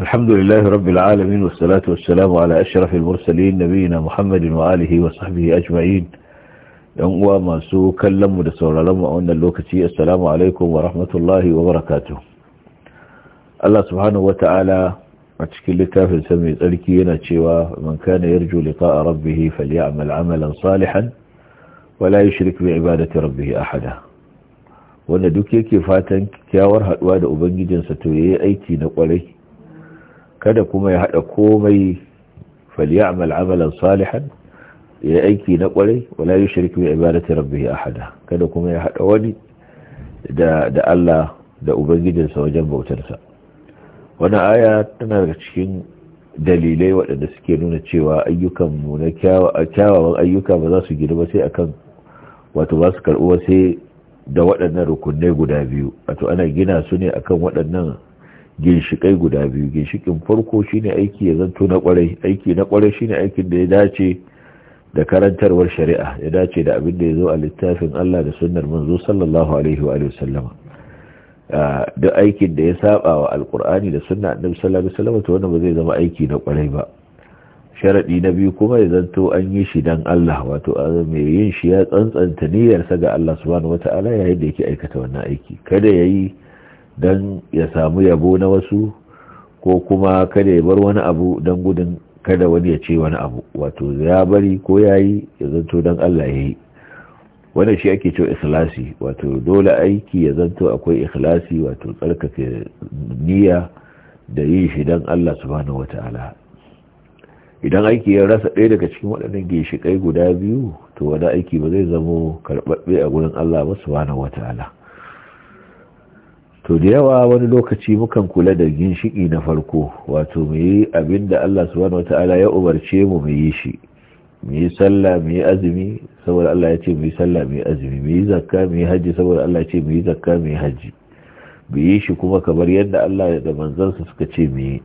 الحمد لله رب العالمين والصلاة والسلام على أشرف المرسلين نبينا محمد وآله وصحبه أجمعين ينقوى ما سوء كلم ودسور لم وأن اللوكتي السلام عليكم ورحمة الله وبركاته الله سبحانه وتعالى أتشكل لتافل سمي تلكينا تشوى من كان يرجو لقاء ربه فليعمل عملا صالحا ولا يشرك بعبادة ربه أحدا wanda duk yake fatan kyawar haduwa da ubangijinsa to yayi aiki na kwarai kada kuma ya hada komai falyamal amalan salihan ya aiki na kwarai wala yushrik bi ibadati rabbih ahada kada kuma ya hada wani da da Allah da ubangijinsa wajen bautarsa wannan aya tana daga cikin dalilai waɗanda suke nuna cewa ayyukanmu na kyawawan ayyuka ba za su girma sai akan wato ba su karɓi sai da waɗannan rukunai guda biyu wato ana gina su ne akan waɗannan ginshikai guda biyu ginshikin farko shine aiki ya zanto na kwarai aiki na kwarai shine aikin da ya dace da karantarwar shari'a ya dace da abin da ya zo a littafin Allah da sunnar manzo sallallahu alaihi wa sallama ah, da aikin da ya saba wa alqur'ani da sunna annabi sallallahu alaihi wasallam to wannan ba zai zama aiki na kwarai ba sharadi na biyu kuma ya zanto an yi shi dan Allah wato mai yin shi ya tsantsanta niyyarsa ga Allah subhanahu wataala yayin da yake aikata wannan aiki kada yayi don ya samu yabo na wasu ko kuma kada ya bar wani abu don gudun kada wani ya ce wani abu wato ya bari ko ya yi ya zanto don Allah ya yi wani shi ake cewa ikhlasi wato dole aiki ya zanto akwai ikhlasi wato tsarkake niyya da yi shi don Allah subhanahu ala idan aiki ya rasa ɗaya daga cikin waɗannan ginshiƙai guda biyu to wani aiki ba zai zamo karɓaɓɓe a gurin Allah ba subhanahu ala. to da yawa wani lokaci mukan kula da ginshiki na farko wato mu yi abin da Allah subhanahu wata'ala ya umarce mu mu yi shi mu yi sallah mu yi azumi saboda Allah ya ce mu yi sallah mu yi azumi mu yi zakka mu yi haji saboda Allah ya ce mu yi zakka mu yi haji mu yi shi kuma kamar yadda Allah da manzansa suka ce mu yi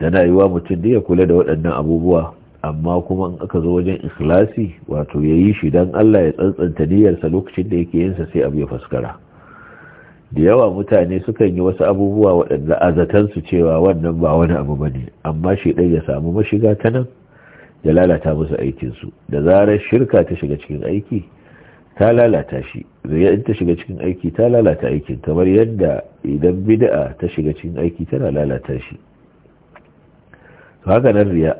tana yiwa mutum da ya kula da waɗannan abubuwa amma kuma in aka zo wajen ikhlasi wato ya yi shi don Allah ya tsantsanta niyyarsa lokacin da yake yinsa sai abu ya faskara da yawa mutane sukan yi wasu abubuwa waɗanda a zatansu cewa wannan ba wani abu ba ne amma shaidan ya samu mashiga ta nan ya lalata musu aikinsu da zarar shirka ta shiga cikin aiki ta lalata shi in ta shiga cikin aiki ta lalata aikin kamar yadda idan bid'a ta shiga cikin aiki tana lalata shi haka nan riya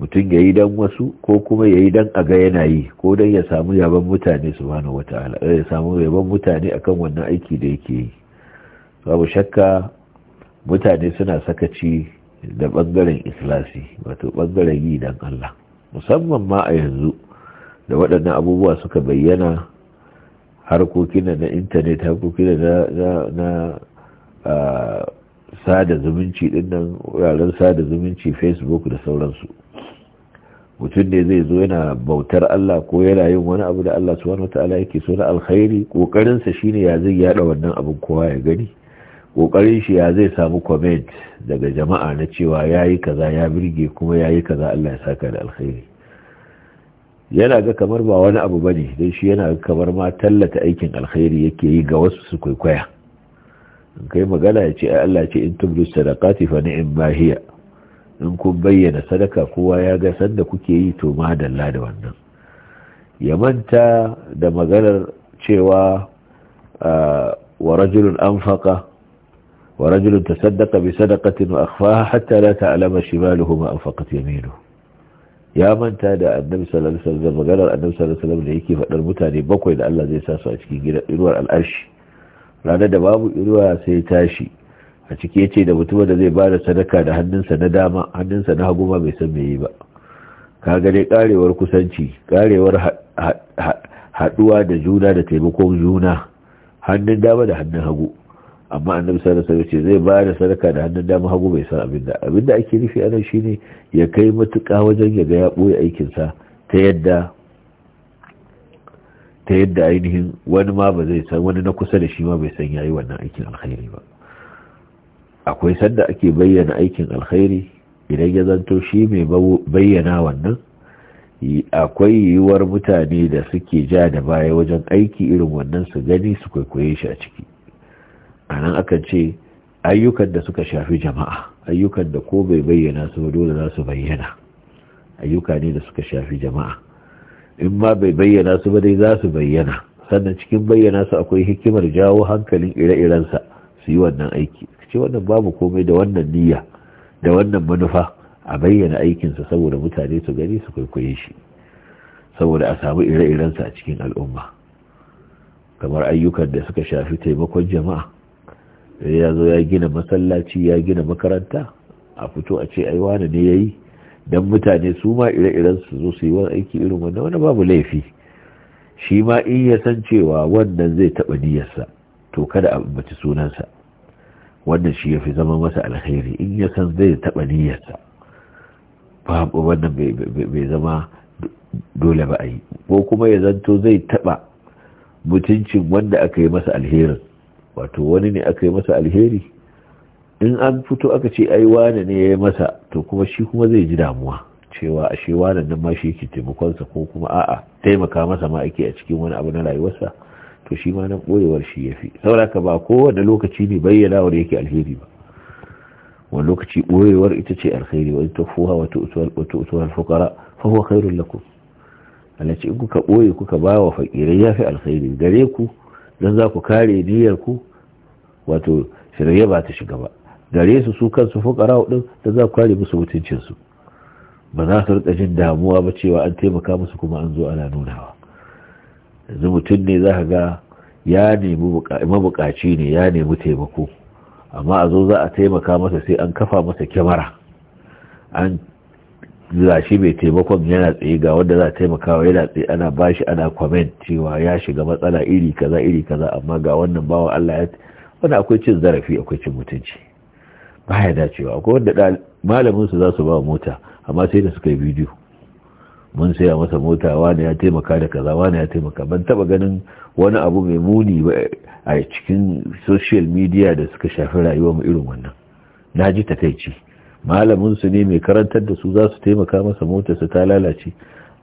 mutum ya yi don wasu ko kuma ya yi don a ga yana ko don ya samu yaban mutane su wata wata'ala eh, ya samu yaban mutane a kan wannan aiki da yake yi babu shakka mutane suna sakaci da ɓangaren islasi wato ɓangaren yi don Allah musamman ma a yanzu da waɗannan abubuwa suka bayyana harkokin na intanet harkokin na sada zumunci ɗin nan wuraren sada zumunci facebook da sauransu mutum ne zai zo yana bautar Allah ko yana yin wani abu da Allah wata ala yake so na alkhairi ƙoƙarinsa sa shine ya zai yada wannan abin kowa ya gani ƙoƙarin shi ya zai samu comment daga jama'a na cewa ya yayi kaza ya birge kuma ya yayi kaza Allah ya saka da alkhairi yana ga kamar ba wani abu bane dan shi yana kamar ma tallata aikin alkhairi yake yi ga wasu su kwaikwaya in kai magana ya ce ai Allah ce in tubdu sadaqati fa ni'ma hiya in kun bayyana sadaka kowa ya ga sanda kuke yi to madalla da wannan ya manta da maganar cewa wa rajulun anfaqa wa rajulun tasaddaqa bi sadaqatin wa akhfaha hatta la ta'lama shimaluhu ma anfaqat yaminuhu ya manta da annabi sallallahu alaihi wasallam maganar annabi sallallahu alaihi wasallam da yake faɗar mutane bakwai da Allah zai sa su a cikin gidan inuwar al'arshi ranar da babu inuwa sai tashi a ciki yace da mutum da zai bada sadaka da hannunsa na dama hannunsa na hagu ma bai san me yi ba ka dai karewar kusanci karewar haduwa da juna da taimakon juna hannun dama da hannun hagu amma annabi sallallahu alaihi wasallam zai ba da sadaka da hannun dama hagu bai san abinda abinda ake nufi anan shine ya kai matuka wajen ya ga ya boye aikin sa ta yadda ta yadda ainihin wani ma ba zai san wani na kusa da shi ma bai san yayi wannan aikin alkhairi ba akwai sanda ake bayyana aikin alkhairi idan ya zanto shi mai bayyana wannan akwai yiwuwar mutane da suke ja da baya wajen aiki irin wannan su gani su kwaikwaye shi a ciki a nan akan ce ayyukan da suka shafi jama'a ayyukan da ko bai bayyana su ba dole za su bayyana ayyuka ne da suka shafi jama'a in ma bai bayyana su ba dai za su bayyana sannan cikin bayyana su akwai hikimar jawo hankalin ire-irensa su yi wannan aiki ce wannan babu komai da wannan niyya da wannan manufa a bayyana aikinsa saboda mutane su gani su kwaikwaye shi saboda a samu ire-irensa a cikin al'umma kamar ayyukan da suka shafi taimakon jama'a da ya zo ya gina masallaci ya gina makaranta a fito a ce ai wani ne ya yi don mutane su ma ire-iren su zo su yi wani aiki irin wannan wani babu laifi shi ma in ya san cewa wannan zai taɓa niyyarsa to kada a mace sunansa wannan shi ya fi zama masa alheri in ya san zai taɓa niyyarsa babu wannan bai zama dole ba a yi ko kuma ya zanto zai taɓa mutuncin wanda aka yi masa alherin wato wani ne aka yi masa alheri in an fito aka ce ai wane ne ya yi masa to kuma shi kuma zai ji damuwa cewa ashe wane nan ma shi ke taimakonsa ko kuma a'a taimaka masa ma ake a cikin wani abu na rayuwarsa to shi ma nan ɓoyewar shi ya fi ka ba kowane lokaci ne bayyana bayyanawar yake alheri ba wani lokaci ɓoyewar ita ce alheri wani ta fuha wata utuwar fukara fahuwa kairun lakum Allah ce in kuka ɓoye kuka ba wa fakirai ya fi alheri gare ku don za ku kare niyyar ku wato shirye ba ta shiga ba gare su su kansu fukara din da za ku kare musu mutuncinsu ba za su rika jin damuwa ba cewa an taimaka musu kuma an zo ana nunawa yanzu mutum ne za ga ya nemi mabukaci ne ya nemi taimako amma a zo za a taimaka masa sai an kafa masa kyamara an zashi mai taimakon yana tsaye ga wanda za a taimakawa yana tsaye ana bashi ana comment cewa ya shiga matsala iri kaza iri kaza amma ga wannan bawa Allah ya wani akwai cin zarafi akwai cin mutunci baya dacewa akwai wanda malamin su za su ba mota amma sai da suka yi bidiyo mun saya masa mota wani ya taimaka da kaza wani ya taimaka ban taba ganin wani abu mai muni a cikin social media da suka shafi rayuwar mu irin wannan na ji takaici malamin su ne mai karantar da su za su taimaka masa mota su ta lalace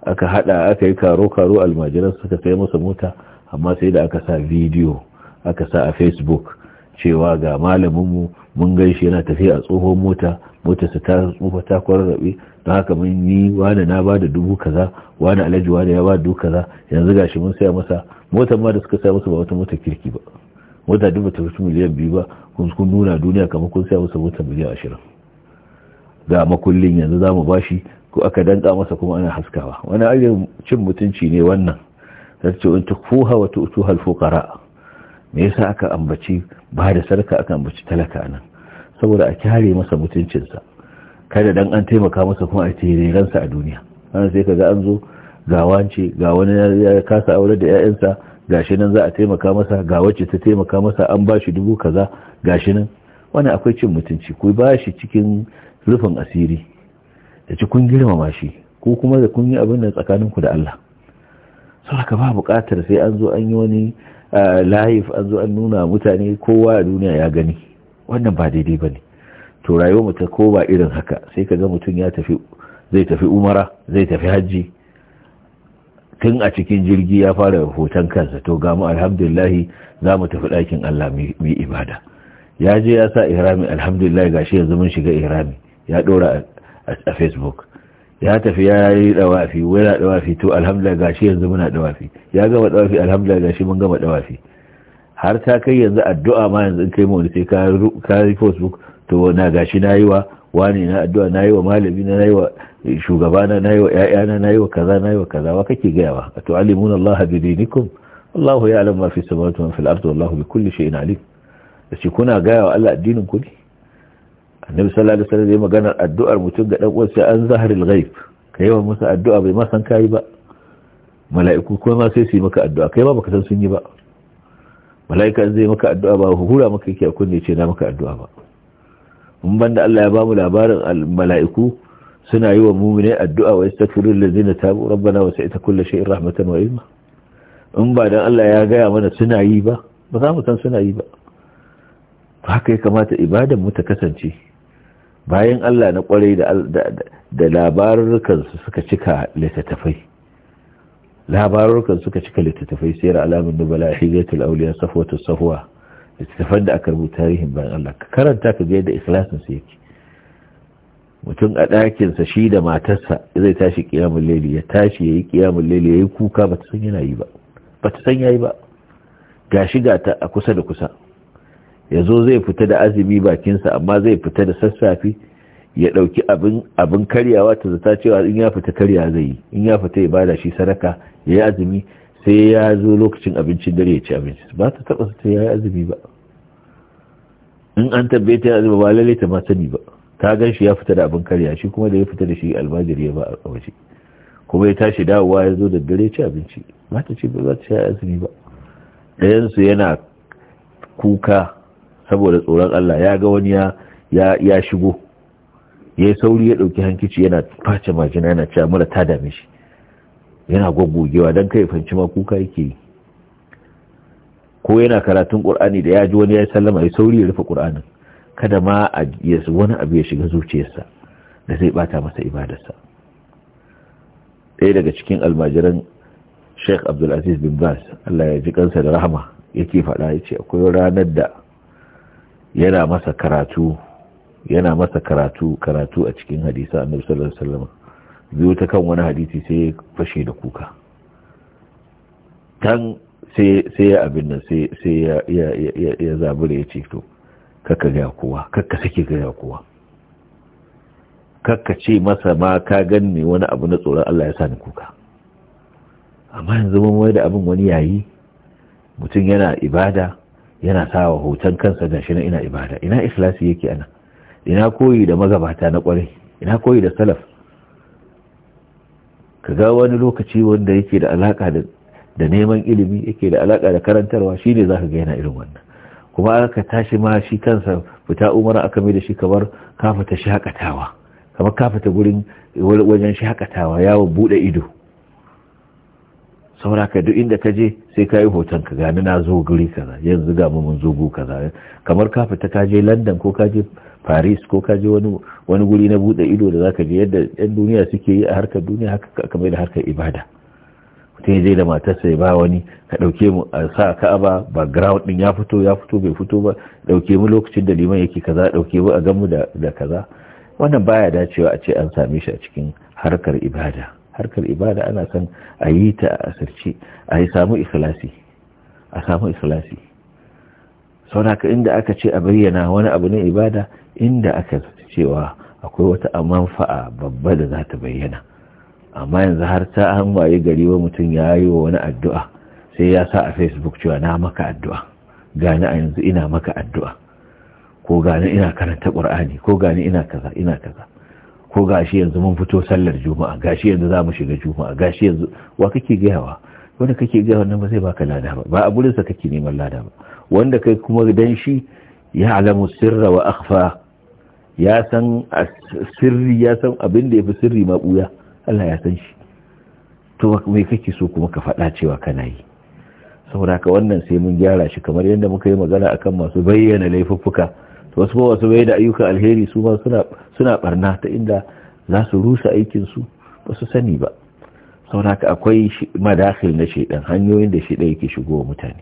aka hada aka yi karo karo almajiran suka sai masa mota amma sai da aka sa bidiyo aka sa a facebook cewa ga malaminmu mun gaishe yana tafiya a tsohon mota motarsa ta tsufa ta kwararrabe don haka mun yi wani na ba da dubu kaza wani alhaji wani ya ba da dubu kaza yanzu gashi mun saya masa motar ma da suka saya masa ba wata mota kirki ba mota dubu ta wuce miliyan biyu ba kun kun nuna duniya kamar kun saya masa mota miliyan ashirin ga makullin yanzu za mu bashi ko aka danka masa kuma ana haskawa wani ayyukan cin mutunci ne wannan zai ce in tukfuha wata me yasa aka ambaci ba da sarka aka ambaci talaka nan saboda a kyare masa mutuncinsa kada dan an taimaka masa kuma a ransa a duniya an sai kaga an zo ga wance ga wani ya kasa aure da 'ya'yansa gashi nan za a taimaka masa ga wacce ta taimaka masa an bashi dubu kaza gashi nan wani akwai cin mutunci ku ba shi cikin rufin asiri da ci kun girmama shi ko kuma da kun yi abin da tsakaninku da Allah saboda ba buƙatar sai an zo an yi wani layif an zo an nuna mutane kowa a duniya ya gani wannan ba daidai ba ne to rayuwar mutum ko ba irin haka sai ka ga mutum ya tafi zai tafi umara zai tafi hajji tun a cikin jirgi ya fara hoton kansa to ga mu alhamdulillahi za mu tafi ɗakin Allah mai ibada ya je ya sa ihrami ga shi yanzu mun shiga ihrami ya ɗora a facebook ya tafi ya yi dawafi wai na dawafi to alhamdulillah gashi yanzu muna dawafi ya gama dawafi alhamdulillah gashi mun gama dawafi har ta kai yanzu addu'a ma yanzu kai mu sai ka ka Facebook to na gashi na yi wa wani na addu'a na yi wa malami na yi wa shugaba na yi wa na yi wa kaza na yi wa kaza wa kake gaya wa to alimuna Allah bi dinikum Allahu ya ma fi samawati wa fil ardi wallahu bi kulli shay'in alim shi kuna gaya wa Allah addinin ku ne annabi sallallahu alaihi wasallam zai maganar addu'ar mutum ga dan uwansa an zahril ghaib kai wa musu addu'a bai ma san kai ba mala'iku kuma ma sai su yi maka addu'a kai ba baka san sun yi ba mala'ika zai maka addu'a ba hura maka yake a kunne ce na maka addu'a ba mun banda Allah ya ba mu labarin mala'iku suna yi wa mumine addu'a wa istaghfirul ladzina tabu rabbana wa sa'ita kullu shay'in rahmatan wa ilma in ba dan Allah ya gaya mana suna yi ba ba za mu san suna yi ba haka ya kamata ibadan mu ta kasance bayan Allah na kwarai da su suka cika littattafai labarurkan suka cika littattafai sayar alamun nubala hijatul auliya safwatu safwa littattafan da aka rubuta tarihin bayan Allah ka karanta ka ga yadda ikhlasin su yake mutum a ɗakin sa shi da matarsa zai tashi kiyamul laili ya tashi yayi kiyamul layli yayi kuka bata san yana yi ba bata san yayi ba gashi ga ta a kusa da kusa ya zo zai fita da azumi bakinsa amma zai fita da sassafe ya ɗauki abin karyawa ta zata cewa in ya fita karya zai yi in ya fita ya bada shi sadaka ya yi azumi sai ya zo lokacin abincin dare ya ci abinci ba ta taɓa su ta ya yi azumi ba in an tabbe ta yi azumi ba lalle ta ma sani ba ta gan shi ya fita da abin karya shi kuma da ya fita da shi almajiri ya ba a waje kuma ya tashi dawowa ya zo da dare ci abinci ba ta ce ba za ta ya azumi ba ɗayansu yana kuka saboda tsoron Allah ya ga wani ya shigo ya yi sauri ya ɗauki hankici yana face majina yana cewa mura ta dame shi yana gwaggogewa don kai fanci ma kuka yake yi ko yana karatun ƙur'ani da ya ji wani ya yi sallama ya sauri ya rufe ƙur'anin kada ma a wani abu ya shiga zuciyarsa da zai bata masa ibadarsa ɗaya daga cikin almajiran sheikh abdulaziz bin bas allah ya ji kansa da rahama yake faɗa ya ce akwai ranar da yana masa karatu yana masa karatu karatu a cikin hadisa a sallallahu da wasallam biyo ta kan wani hadisi sai ya fashe da kuka tan sai ya abin nan sai ya zabura ya ce to kakka gaya kowa kakka sake gaya kowa kakka ce masa ma ka ganni wani abu na tsoron Allah ya sa ni kuka amma yanzu mun da abin wani yayi mutum yana ibada yana sawa hoton kansa da shi na ina ibada ina islasi yake ana ina koyi da magabata na kwarai ina koyi da salaf kaga wani lokaci wanda yake da alaka da neman ilimi yake da alaka da karantarwa shine zaka ga yana irin wannan kuma aka tashi ma shi kansa fita umara aka mai da shi kamar kafata shakatawa kamar kafata fita gurin wajen shakatawa yawon bude ido saboda ka duk inda ka je sai ka yi hoton ka gani na zo guri kaza yanzu ga mun zo gu kaza kamar ka fita ka je London ko ka je Paris ko ka je wani wani guri na bude ido da zaka je yadda ɗan duniya suke yi a harkar duniya haka kamar da harkar ibada mutum je da matarsa ya ba wani ka dauke mu a sa ka'aba background din ya fito ya fito bai fito ba dauke mu lokacin da liman yake kaza dauke mu a gamu da kaza wannan baya dacewa a ce an same shi a cikin harkar ibada harkar ibada ana son a yi ta a asirce a yi samu ikhlasi a samu ikhlasi sau inda aka ce a bayyana wani abu ne ibada inda aka cewa akwai wata manfa'a babba da za ta bayyana amma yanzu har ta an waye gari wa mutum ya yi wa wani addu'a sai ya sa a facebook cewa na maka addu'a gani a yanzu ina maka addu'a ko gani ina karanta ƙur'ani ko gani ina kaza ina kaza ko gashi yanzu mun fito sallar juma'a gashi yanzu za mu shiga juma'a gashi yanzu wa kake gayawa wanda kake gaya wannan ba zai baka lada ba ba a kake neman lada ba wanda kai kuma dan shi ya alamu sirra wa akhfa ya san sirri ya san abin da yafi sirri ma buya Allah ya san shi to me kake so kuma ka faɗa cewa kana yi saboda ka wannan sai mun gyara shi kamar yadda muka yi magana akan masu bayyana laifuffuka wasu ba wasu bai da ayyukan alheri su ma suna barna ta inda za su rusa aikinsu ba su sani ba sauraka akwai madakil na shaidan hanyoyin da shaidan yake shigo wa mutane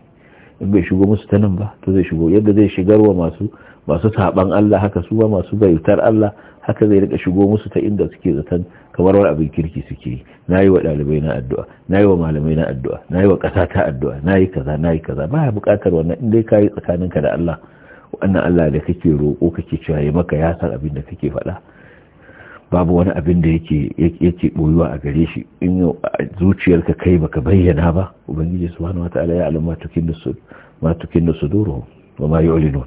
in bai shigo musu ta nan ba to zai shigo yadda zai shigar wa masu masu Allah haka su ba masu bayyutar Allah haka zai rika shigo musu ta inda suke zaton kamar wani abin kirki suke yi yi wa ɗalibai na addu'a na yi wa malamai na addu'a na yi wa ƙasa ta addu'a na yi kaza na yi kaza ba ya buƙatar wannan in dai ka yi tsakaninka da Allah wannan Allah da kake roƙo kake cewa ya maka ya san abin da kake faɗa babu wani abin da yake yake boyuwa a gare shi in zuciyarka kai baka bayyana ba ubangiji subhanahu wataala ya alama tukin da su ma tukin da suduru wa ma yu'linun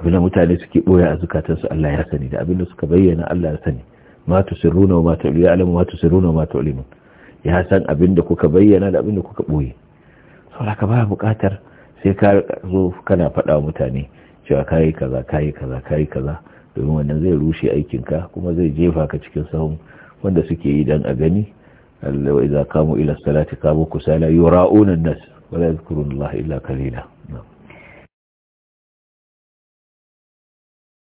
abin da mutane suke boya a zukatansu Allah ya sani da abin da suka bayyana Allah ya sani ma tusirruna wa ma tu'linun ya alama ma tusirruna wa ma tu'linun ya san abin da kuka bayyana da abin da kuka boye saboda ka ba buƙatar sai ka zo kana faɗa mutane cewa kayi kaza kayi kaza kayi kaza domin wannan zai rushe aikinka kuma zai jefa ka cikin sahun wanda suke yi dan a gani allawa idza kamu ila salati kamu kusala yura'una an-nas wa la illa qalila